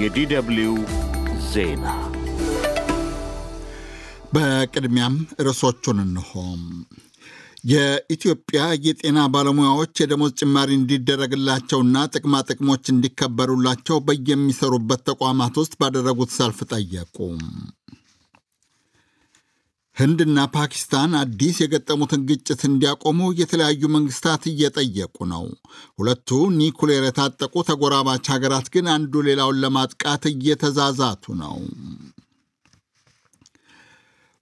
የዲደብልዩ ዜና በቅድሚያም ርዕሶቹን እንሆም። የኢትዮጵያ የጤና ባለሙያዎች የደሞዝ ጭማሪ እንዲደረግላቸውና ጥቅማ ጥቅሞች እንዲከበሩላቸው በየሚሰሩበት ተቋማት ውስጥ ባደረጉት ሰልፍ ጠየቁ። ህንድና ፓኪስታን አዲስ የገጠሙትን ግጭት እንዲያቆሙ የተለያዩ መንግስታት እየጠየቁ ነው። ሁለቱ ኒኩሌር የታጠቁ ተጎራባች ሀገራት ግን አንዱ ሌላውን ለማጥቃት እየተዛዛቱ ነው።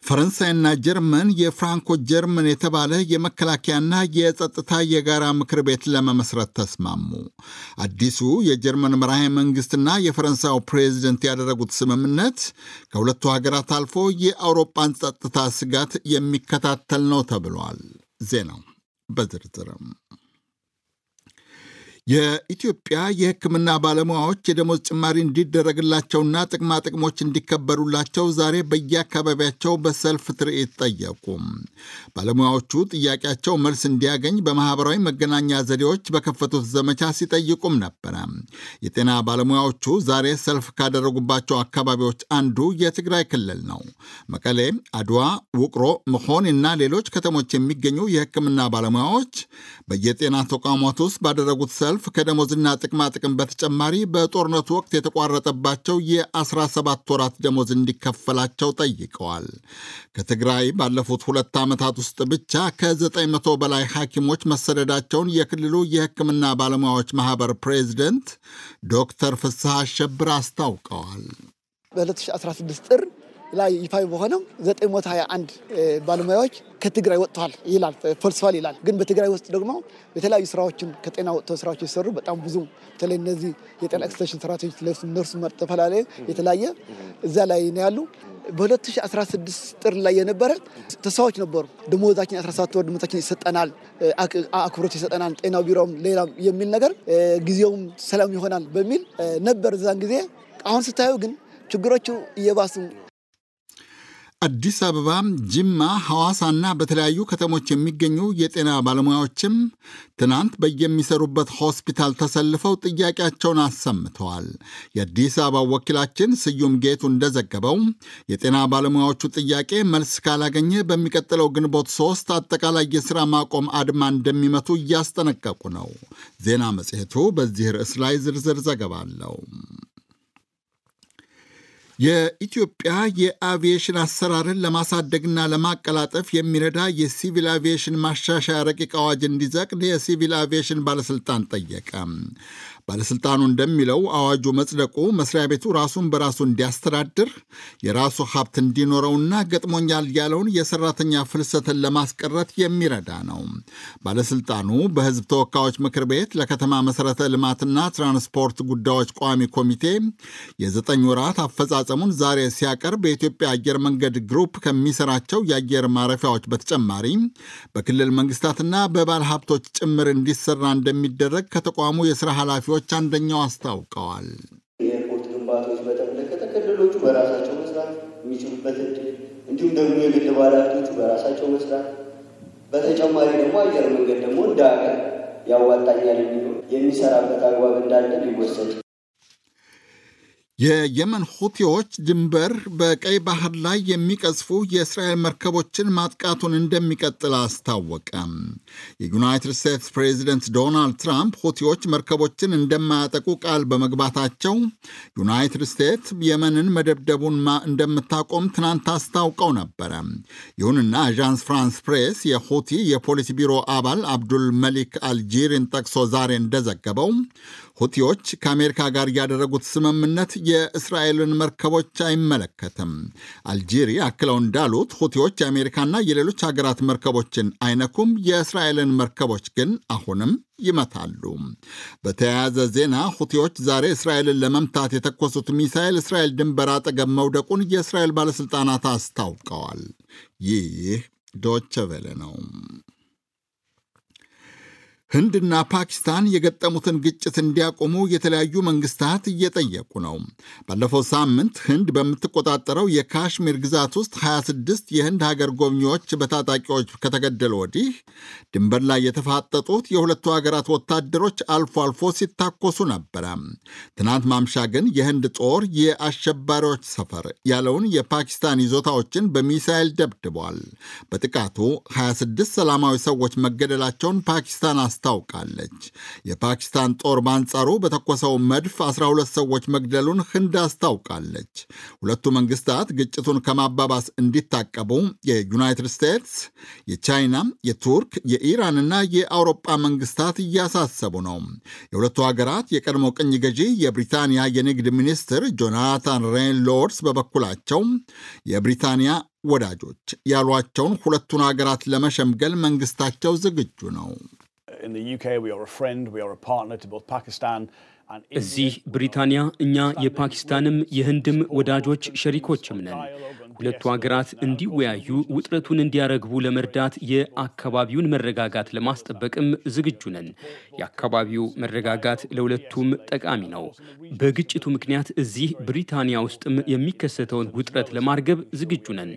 ፈረንሳይና ጀርመን የፍራንኮ ጀርመን የተባለ የመከላከያና የጸጥታ የጋራ ምክር ቤት ለመመስረት ተስማሙ። አዲሱ የጀርመን መራሄ መንግስትና የፈረንሳዩ ፕሬዚደንት ያደረጉት ስምምነት ከሁለቱ ሀገራት አልፎ የአውሮፓን ጸጥታ ስጋት የሚከታተል ነው ተብሏል። ዜናው በዝርዝርም የኢትዮጵያ የሕክምና ባለሙያዎች የደሞዝ ጭማሪ እንዲደረግላቸውና ጥቅማ ጥቅሞች እንዲከበሩላቸው ዛሬ በየአካባቢያቸው በሰልፍ ትርኢት ጠየቁ። ባለሙያዎቹ ጥያቄያቸው መልስ እንዲያገኝ በማህበራዊ መገናኛ ዘዴዎች በከፈቱት ዘመቻ ሲጠይቁም ነበረ። የጤና ባለሙያዎቹ ዛሬ ሰልፍ ካደረጉባቸው አካባቢዎች አንዱ የትግራይ ክልል ነው። መቀሌ፣ አድዋ፣ ውቅሮ፣ መሆን እና ሌሎች ከተሞች የሚገኙ የሕክምና ባለሙያዎች በየጤና ተቋማት ውስጥ ባደረጉት ሰልፍ ሰልፍ ከደሞዝና ጥቅማ ጥቅም በተጨማሪ በጦርነቱ ወቅት የተቋረጠባቸው የ17 ወራት ደሞዝ እንዲከፈላቸው ጠይቀዋል። ከትግራይ ባለፉት ሁለት ዓመታት ውስጥ ብቻ ከ900 በላይ ሐኪሞች መሰደዳቸውን የክልሉ የሕክምና ባለሙያዎች ማኅበር ፕሬዚደንት ዶክተር ፍስሐ አሸብር አስታውቀዋል። በ2016 ጥር ላይ ይፋ በሆነው 921 ባለሙያዎች ከትግራይ ወጥተዋል ይላል ፈልሰዋል ይላል። ግን በትግራይ ውስጥ ደግሞ የተለያዩ ስራዎችን ከጤና ወጥተው ስራዎች የሰሩ በጣም ብዙ በተለይ እነዚህ የጤና ኤክስቴንሽን ሰራተኞች ለብሱ ነርሱ ተፈላለየ የተለያየ እዛ ላይ ነው ያሉ። በ2016 ጥር ላይ የነበረ ተሳዎች ነበሩ። ደሞዛችን 17 ወር ደሞዛችን ይሰጠናል፣ አክብሮት ይሰጠናል፣ ጤናው ቢሮም ሌላም የሚል ነገር ጊዜውም ሰላም ይሆናል በሚል ነበር እዛን ጊዜ። አሁን ስታዩ ግን ችግሮቹ እየባሱ አዲስ አበባ፣ ጅማ፣ ሐዋሳና በተለያዩ ከተሞች የሚገኙ የጤና ባለሙያዎችም ትናንት በየሚሰሩበት ሆስፒታል ተሰልፈው ጥያቄያቸውን አሰምተዋል። የአዲስ አበባ ወኪላችን ስዩም ጌቱ እንደዘገበው የጤና ባለሙያዎቹ ጥያቄ መልስ ካላገኘ በሚቀጥለው ግንቦት ሶስት አጠቃላይ የሥራ ማቆም አድማ እንደሚመቱ እያስጠነቀቁ ነው። ዜና መጽሔቱ በዚህ ርዕስ ላይ ዝርዝር ዘገባ አለው። የኢትዮጵያ የአቪዬሽን አሰራርን ለማሳደግና ለማቀላጠፍ የሚረዳ የሲቪል አቪዬሽን ማሻሻያ ረቂቅ አዋጅ እንዲዘቅድ የሲቪል አቪዬሽን ባለስልጣን ጠየቀ። ባለሥልጣኑ እንደሚለው አዋጁ መጽደቁ መስሪያ ቤቱ ራሱን በራሱ እንዲያስተዳድር የራሱ ሀብት እንዲኖረውና ገጥሞኛል ያለውን የሰራተኛ ፍልሰትን ለማስቀረት የሚረዳ ነው። ባለሥልጣኑ በሕዝብ ተወካዮች ምክር ቤት ለከተማ መሠረተ ልማትና ትራንስፖርት ጉዳዮች ቋሚ ኮሚቴ የዘጠኝ ወራት አፈጻጸሙን ዛሬ ሲያቀርብ በኢትዮጵያ አየር መንገድ ግሩፕ ከሚሰራቸው የአየር ማረፊያዎች በተጨማሪ በክልል መንግስታትና በባለ ሀብቶች ጭምር እንዲሰራ እንደሚደረግ ከተቋሙ የሥራ ኃላፊ ኃላፊዎች አንደኛው አስታውቀዋል። የኤርፖርት ግንባታዎች በተመለከተ ክልሎቹ በራሳቸው መስራት የሚችሉበት እድል እንዲሁም ደግሞ የግል ባለሀብቶቹ በራሳቸው መስራት በተጨማሪ ደግሞ አየር መንገድ ደግሞ እንደ ሀገር ያዋጣኛል የሚለው የሚሰራበት አግባብ እንዳለ ሊወሰድ የየመን ሁቲዎች ድንበር በቀይ ባህር ላይ የሚቀዝፉ የእስራኤል መርከቦችን ማጥቃቱን እንደሚቀጥል አስታወቀ። የዩናይትድ ስቴትስ ፕሬዚደንት ዶናልድ ትራምፕ ሁቲዎች መርከቦችን እንደማያጠቁ ቃል በመግባታቸው ዩናይትድ ስቴትስ የመንን መደብደቡን እንደምታቆም ትናንት አስታውቀው ነበረ። ይሁንና አዣንስ ፍራንስ ፕሬስ የሁቲ የፖሊስ ቢሮ አባል አብዱል መሊክ አልጂሪን ጠቅሶ ዛሬ እንደዘገበው ሁቲዎች ከአሜሪካ ጋር ያደረጉት ስምምነት የእስራኤልን መርከቦች አይመለከትም። አልጄሪ አክለው እንዳሉት ሁቲዎች የአሜሪካና የሌሎች ሀገራት መርከቦችን አይነኩም፣ የእስራኤልን መርከቦች ግን አሁንም ይመታሉ። በተያያዘ ዜና ሁቲዎች ዛሬ እስራኤልን ለመምታት የተኮሱት ሚሳኤል እስራኤል ድንበር አጠገብ መውደቁን የእስራኤል ባለሥልጣናት አስታውቀዋል። ይህ ዶቸ ነው። ህንድና ፓኪስታን የገጠሙትን ግጭት እንዲያቆሙ የተለያዩ መንግስታት እየጠየቁ ነው። ባለፈው ሳምንት ህንድ በምትቆጣጠረው የካሽሚር ግዛት ውስጥ 26 የህንድ ሀገር ጎብኚዎች በታጣቂዎች ከተገደሉ ወዲህ ድንበር ላይ የተፋጠጡት የሁለቱ ሀገራት ወታደሮች አልፎ አልፎ ሲታኮሱ ነበረ። ትናንት ማምሻ ግን የህንድ ጦር የአሸባሪዎች ሰፈር ያለውን የፓኪስታን ይዞታዎችን በሚሳይል ደብድቧል። በጥቃቱ 26 ሰላማዊ ሰዎች መገደላቸውን ፓኪስታን አስ አስታውቃለች። የፓኪስታን ጦር በአንጻሩ በተኮሰው መድፍ 12 ሰዎች መግደሉን ህንድ አስታውቃለች። ሁለቱ መንግስታት ግጭቱን ከማባባስ እንዲታቀቡ የዩናይትድ ስቴትስ፣ የቻይና፣ የቱርክ፣ የኢራንና የአውሮጳ መንግስታት እያሳሰቡ ነው። የሁለቱ ሀገራት የቀድሞ ቅኝ ገዢ የብሪታንያ የንግድ ሚኒስትር ጆናታን ሎርድስ በበኩላቸው የብሪታንያ ወዳጆች ያሏቸውን ሁለቱን ሀገራት ለመሸምገል መንግስታቸው ዝግጁ ነው። እዚህ ብሪታንያ እኛ የፓኪስታንም የህንድም ወዳጆች ሸሪኮችም ነን። ሁለቱ ሀገራት እንዲወያዩ ውጥረቱን እንዲያረግቡ ለመርዳት የአካባቢውን መረጋጋት ለማስጠበቅም ዝግጁ ነን። የአካባቢው መረጋጋት ለሁለቱም ጠቃሚ ነው። በግጭቱ ምክንያት እዚህ ብሪታንያ ውስጥም የሚከሰተውን ውጥረት ለማርገብ ዝግጁ ነን።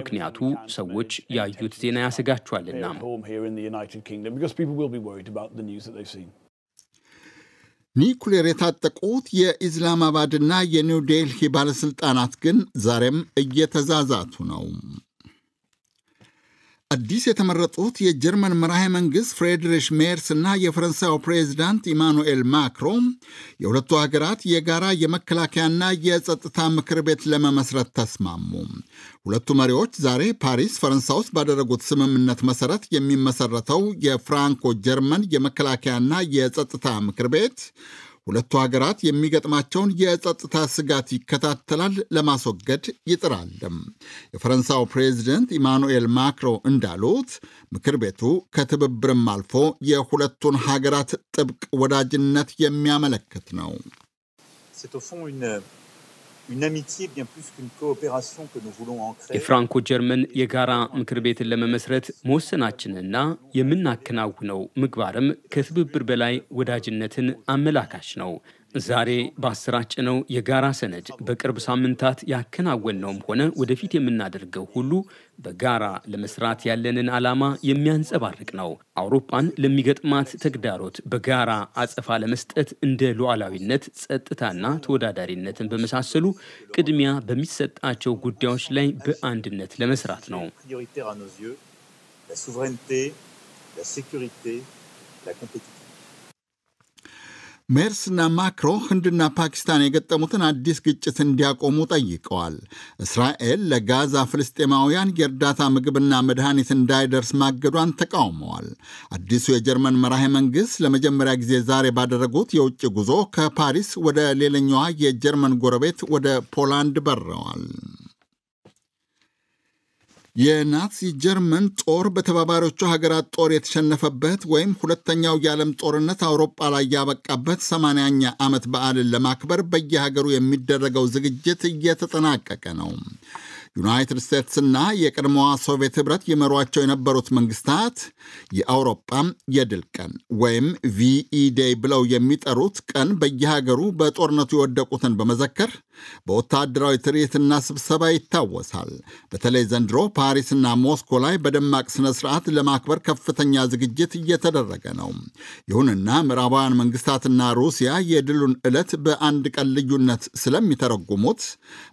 ምክንያቱ ሰዎች ያዩት ዜና ያሰጋቸዋልና። ኒውክሌር የታጠቁት የኢስላማባድና የኒውዴልሂ ባለሥልጣናት ግን ዛሬም እየተዛዛቱ ነው። አዲስ የተመረጡት የጀርመን መራሄ መንግሥት ፍሬድሪሽ ሜርስ እና የፈረንሳዩ ፕሬዚዳንት ኢማኑኤል ማክሮን የሁለቱ ሀገራት የጋራ የመከላከያና የጸጥታ ምክር ቤት ለመመስረት ተስማሙ። ሁለቱ መሪዎች ዛሬ ፓሪስ፣ ፈረንሳ ውስጥ ባደረጉት ስምምነት መሠረት የሚመሠረተው የፍራንኮ ጀርመን የመከላከያና የጸጥታ ምክር ቤት ሁለቱ ሀገራት የሚገጥማቸውን የጸጥታ ስጋት ይከታተላል፣ ለማስወገድ ይጥራልም። የፈረንሳው ፕሬዚደንት ኢማኑኤል ማክሮ እንዳሉት ምክር ቤቱ ከትብብርም አልፎ የሁለቱን ሀገራት ጥብቅ ወዳጅነት የሚያመለክት ነው። የፍራንኮ ጀርመን የጋራ ምክር ቤትን ለመመስረት መወሰናችንና የምናከናውነው ምግባርም ከትብብር በላይ ወዳጅነትን አመላካች ነው። ዛሬ በአሰራጨነው የጋራ ሰነድ በቅርብ ሳምንታት ያከናወንነውም ሆነ ወደፊት የምናደርገው ሁሉ በጋራ ለመስራት ያለንን ዓላማ የሚያንጸባርቅ ነው። አውሮፓን ለሚገጥማት ተግዳሮት በጋራ አጸፋ ለመስጠት እንደ ሉዓላዊነት፣ ጸጥታና ተወዳዳሪነትን በመሳሰሉ ቅድሚያ በሚሰጣቸው ጉዳዮች ላይ በአንድነት ለመስራት ነው። ሜርስና ማክሮ ህንድና ፓኪስታን የገጠሙትን አዲስ ግጭት እንዲያቆሙ ጠይቀዋል። እስራኤል ለጋዛ ፍልስጤማውያን የእርዳታ ምግብና መድኃኒት እንዳይደርስ ማገዷን ተቃውመዋል። አዲሱ የጀርመን መራሄ መንግሥት ለመጀመሪያ ጊዜ ዛሬ ባደረጉት የውጭ ጉዞ ከፓሪስ ወደ ሌላኛዋ የጀርመን ጎረቤት ወደ ፖላንድ በረዋል። የናዚ ጀርመን ጦር በተባባሪዎቹ ሀገራት ጦር የተሸነፈበት ወይም ሁለተኛው የዓለም ጦርነት አውሮፓ ላይ ያበቃበት ሰማንያኛ ዓመት በዓልን ለማክበር በየሀገሩ የሚደረገው ዝግጅት እየተጠናቀቀ ነው። ዩናይትድ ስቴትስና የቀድሞዋ ሶቪየት ኅብረት ይመሯቸው የነበሩት መንግስታት የአውሮጳ የድል ቀን ወይም ቪኢዴይ ብለው የሚጠሩት ቀን በየሀገሩ በጦርነቱ የወደቁትን በመዘከር በወታደራዊ ትርኢትና ስብሰባ ይታወሳል። በተለይ ዘንድሮ ፓሪስና ሞስኮ ላይ በደማቅ ስነ ስርዓት ለማክበር ከፍተኛ ዝግጅት እየተደረገ ነው። ይሁንና ምዕራባውያን መንግስታትና ሩሲያ የድሉን ዕለት በአንድ ቀን ልዩነት ስለሚተረጉሙት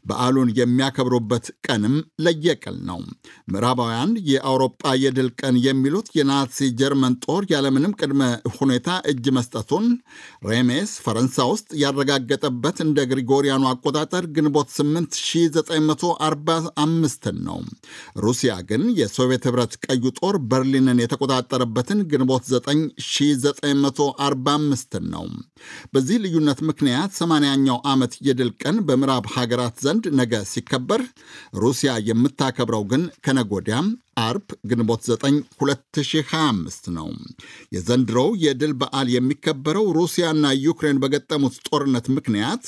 በዓሉን የሚያከብሩበት ቀንም ለየቅል ነው። ምዕራባውያን የአውሮጳ የድል ቀን የሚሉት የናዚ ጀርመን ጦር ያለምንም ቅድመ ሁኔታ እጅ መስጠቱን ሬሜስ ፈረንሳ ውስጥ ያረጋገጠበት እንደ ግሪጎሪያኑ አቆጣጠር ግንቦት 8 1945 ነው። ሩሲያ ግን የሶቪየት ህብረት ቀዩ ጦር በርሊንን የተቆጣጠረበትን ግንቦት 9 1945 ነው። በዚህ ልዩነት ምክንያት 80ኛው ዓመት የድል ቀን በምዕራብ ሀገራት ዘንድ ነገ ሲከበር ሩሲያ የምታከብረው ግን ከነጎዲያም አርብ ግንቦት 9 2025 ነው። የዘንድሮው የድል በዓል የሚከበረው ሩሲያና ዩክሬን በገጠሙት ጦርነት ምክንያት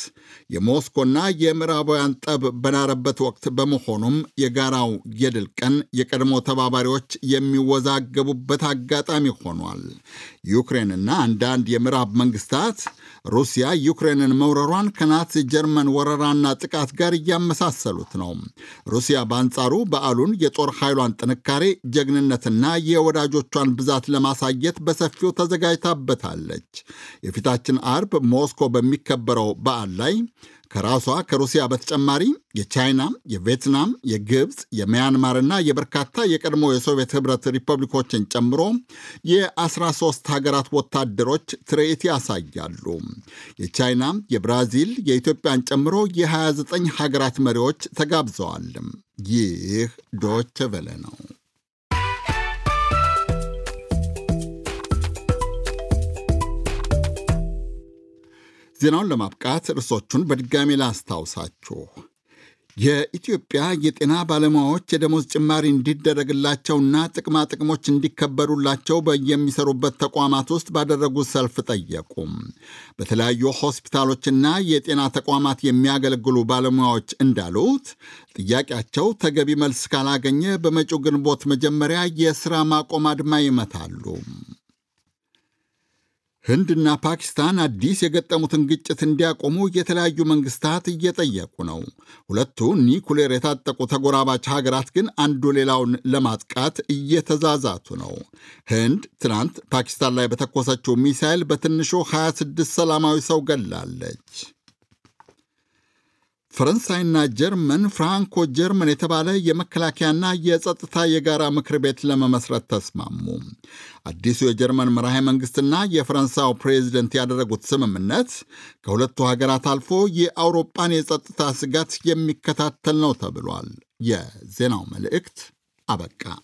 የሞስኮና የምዕራባውያን ጠብ በናረበት ወቅት በመሆኑም የጋራው የድል ቀን የቀድሞ ተባባሪዎች የሚወዛገቡበት አጋጣሚ ሆኗል። ዩክሬንና አንዳንድ የምዕራብ መንግስታት ሩሲያ ዩክሬንን መውረሯን ከናዚ ጀርመን ወረራና ጥቃት ጋር እያመሳሰሉት ነው። ሩሲያ በአንጻሩ በዓሉን የጦር ኃይሏን ጥንካሬ፣ ጀግንነትና የወዳጆቿን ብዛት ለማሳየት በሰፊው ተዘጋጅታበታለች። የፊታችን አርብ ሞስኮ በሚከበረው በዓል ላይ ከራሷ ከሩሲያ በተጨማሪ የቻይና፣ የቪየትናም፣ የግብፅ፣ የሚያንማርና የበርካታ የቀድሞ የሶቪየት ህብረት ሪፐብሊኮችን ጨምሮ የ13 ሀገራት ወታደሮች ትርኢት ያሳያሉ። የቻይና፣ የብራዚል፣ የኢትዮጵያን ጨምሮ የ29 ሀገራት መሪዎች ተጋብዘዋል። ይህ ዶቸ ነው። ዜናውን ለማብቃት ርዕሶቹን በድጋሚ ላስታውሳችሁ። የኢትዮጵያ የጤና ባለሙያዎች የደሞዝ ጭማሪ እንዲደረግላቸውና ጥቅማ ጥቅሞች እንዲከበሩላቸው በየሚሰሩበት ተቋማት ውስጥ ባደረጉት ሰልፍ ጠየቁ። በተለያዩ ሆስፒታሎችና የጤና ተቋማት የሚያገለግሉ ባለሙያዎች እንዳሉት ጥያቄያቸው ተገቢ መልስ ካላገኘ በመጪው ግንቦት መጀመሪያ የሥራ ማቆም አድማ ይመታሉ። ህንድና ፓኪስታን አዲስ የገጠሙትን ግጭት እንዲያቆሙ የተለያዩ መንግስታት እየጠየቁ ነው። ሁለቱ ኒኩሌር የታጠቁ ተጎራባች ሀገራት ግን አንዱ ሌላውን ለማጥቃት እየተዛዛቱ ነው። ህንድ ትናንት ፓኪስታን ላይ በተኮሰችው ሚሳይል በትንሹ 26 ሰላማዊ ሰው ገላለች። ፈረንሳይና ጀርመን ፍራንኮ ጀርመን የተባለ የመከላከያና የጸጥታ የጋራ ምክር ቤት ለመመስረት ተስማሙ። አዲሱ የጀርመን መራሄ መንግስትና የፈረንሳው ፕሬዚደንት ያደረጉት ስምምነት ከሁለቱ ሀገራት አልፎ የአውሮፓን የጸጥታ ስጋት የሚከታተል ነው ተብሏል። የዜናው መልእክት አበቃ።